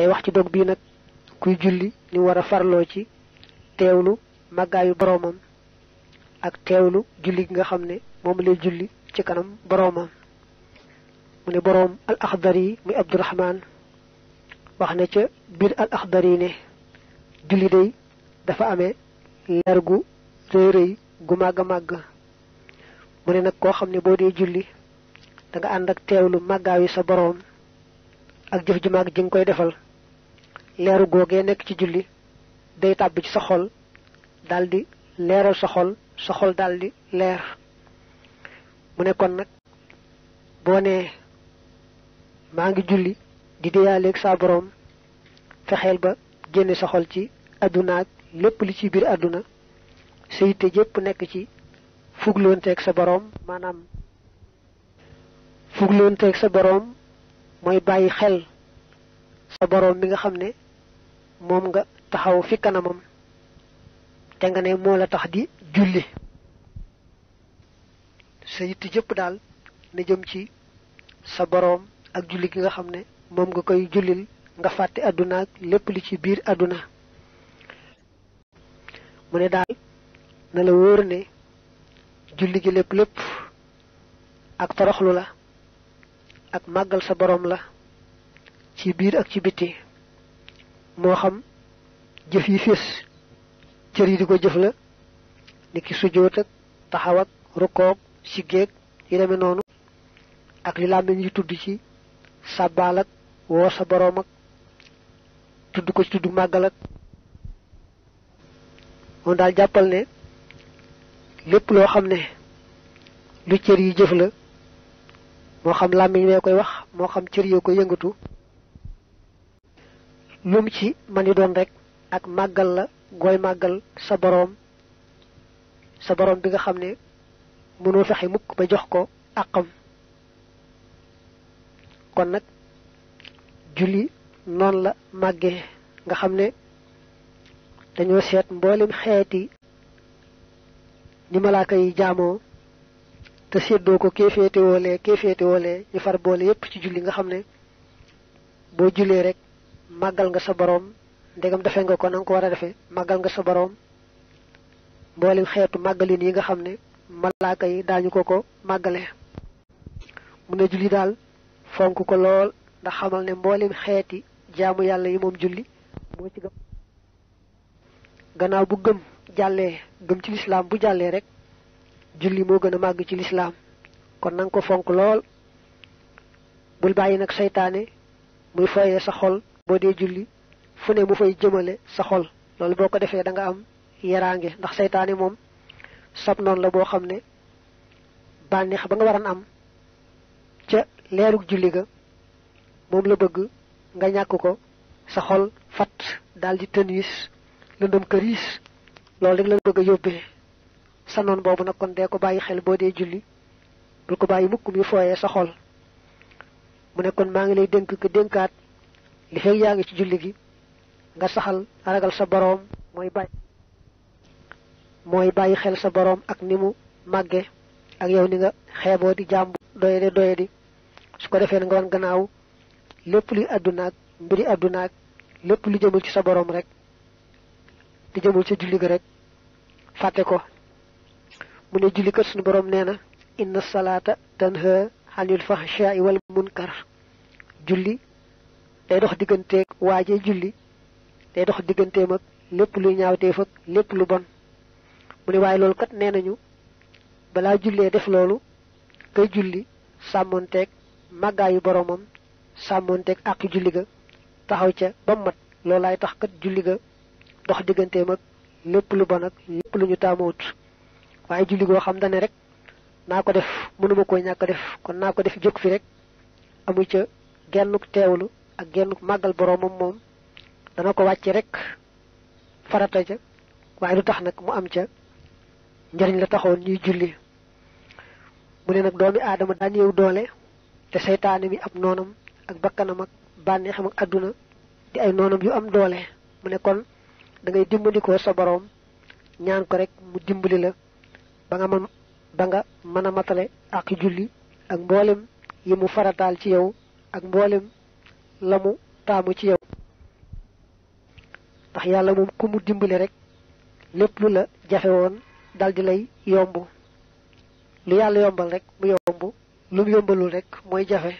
tey wax ci dog bii nag kuy julli ni war a farloo ci teewlu màggaayu boroomam ak teewlu julli gi nga xam ne moom lay julli ci kanam boroomam mu ne boroom al axdari yi muy abdurahmaan wax na ca biir al ne julli day dafa amee leer gu rëy rëy gu màgg a màgg mu ne nag koo xam ne boo dee julli da nga ànd ak teewlu màggaayu sa boroom ak jëf ju màgg ji nga koy defal leeru googee nekk ci julli day tàbb ci sa xol daldi leeral sa xol sa xol daldi leer mu nekkoon nag boo nee maa ngi julli di deyaaleeg saa boroom fexeel ba génne sa xol ci àdduna ak lépp li ci biir àdduna sa yitte jépp nekk ci fugloonteeg sa boroom maanaam fugloonteeg sa boroom mooy bàyyi xel sa boroom bi nga xam ne mom nga taxaw fi kanamam te nga ne moo la tax di julli sa yitt jëpp daal ne jëm ci sa borom ak julli gi nga xam ne moom nga koy jullil nga fàtte àdduna ak lépp li ci biir àdduna mu ne daal na la wóor ne julli gi lépp lépp ak toroxlu la ak màggal sa borom la ci biir ak ci biti moo xam jëf yi jefle, cër yi di ko jëf la ni ki sujjoot ak taxaw ak rukkoog siggeeg yi deme noonu ak li làmmiñ yi tudd ci sàbbaal ak woo sa boroom ak tudd ko ci tudd màggal ak moom daal jàppal ne lépp loo xam ne lu cër yi jëf la moo xam làmmiñ mee koy wax moo xam cër yi koy yëngatu lum ci man di doon rek ak màggal la gooy màggal sa boroom sa boroom bi nga xam ne mënoo fexe mukk ba jox ko àqam kon nag julli noonu la màggee nga xam ne dañoo seet mboolem xeeti ni malaaka yi jaamoo te séddoo ko kéeféete woolee kéeféete woolee ñu far boole yépp ci julli nga xam ne boo jullee rek màggal nga sa boroom ndegam defe nga ko na ko war a defee màggal nga sa boroom mboolem xeetu màggalin yi nga xam ne malaaka yi daañu ko ko màggale mu ne julli daal fonk ko lool ndax xamal ne mboolem xeeti jaamu yàlla yi moom julli moo ci gëm gannaaw bu gëm jàllee gëm ci lislaam bu jàllee rek julli moo gën a màgg ci lislaam kon na ko fonk lool bul bàyyi nag seytaane muy foyee sa xol bo dee julli fu ne mu fay jëmale sa xol loolu boo ko defee da nga am yaraange ndax seytaane moom sab noonu la boo xam ne bànneex nga waran am ca leerug julli ga moom la bëgg nga ñàkk ko sa xol fat dalitonis, di keris, lëndëm këriis loolu rek la bëgg a yóbbee sa noon boobu nag kon dee ko bàyyi xel boo dee julli bul ko bàyyi mukk mi fooyee sa xol mu ne kon maa ngi lay dénk ko dénkaat li fekk yaa ngi ci julli gi nga saxal ragal sa boroom mooy bàyyi bàyyi xel sa boroom ak ni mu màgge ak yow ni nga xeeboo di jàmb doyadi doyadi su ko defee nga wan gannaaw lépp luy àddunaag mbiri àddunaag lépp lu jëmul ci sa boroom rek di jëmul ci julli gi rek fàtte ko mu ne julli kat suñu boroom nee na inna salaata tanha anil fahshaai wal munkar julli day dox digganteeg waajee julli day dox digganteem ak lépp luy ñaawteef ak lépp lu bon mu ne waaye loolu kat nee nañu balaa jullee def loolu kay julli sàmmoonteeg màggaayu boromam sàmmoonteeg àq julli ga taxaw ca ba mat loolaay tax kat julli ga dox digganteem ak lépp lu bon ak lépp lu ñu taamoot waaye julli goo xam ne rek naa ko def mënuma koo ñàkk def kon naa ko def jóg fi rek amu ca genn teewlu ak genn magal boromam mom dana ko wàcc rek farata ja waaye du tax nak mu am ca njariñ la taxawon ñuy julli mu ne nak doomi adama dañ yow doole te mi ab nonam ak bakkanam ak ak aduna di ay nonam yu am doole mu ne kon da ngay dimbalikoo sa borom ñaan ko rek mu dimbali la ba nga man ba nga mëna matalé ak julli ak yi mu farataal ci yow ak la mu taamu ci yow ndax yàlla moom ku mu dimbali rek lépp lu la jafe woon dal di lay yomb lu yàlla yombal rek mu yomb lu mu yombalul rek mooy jafe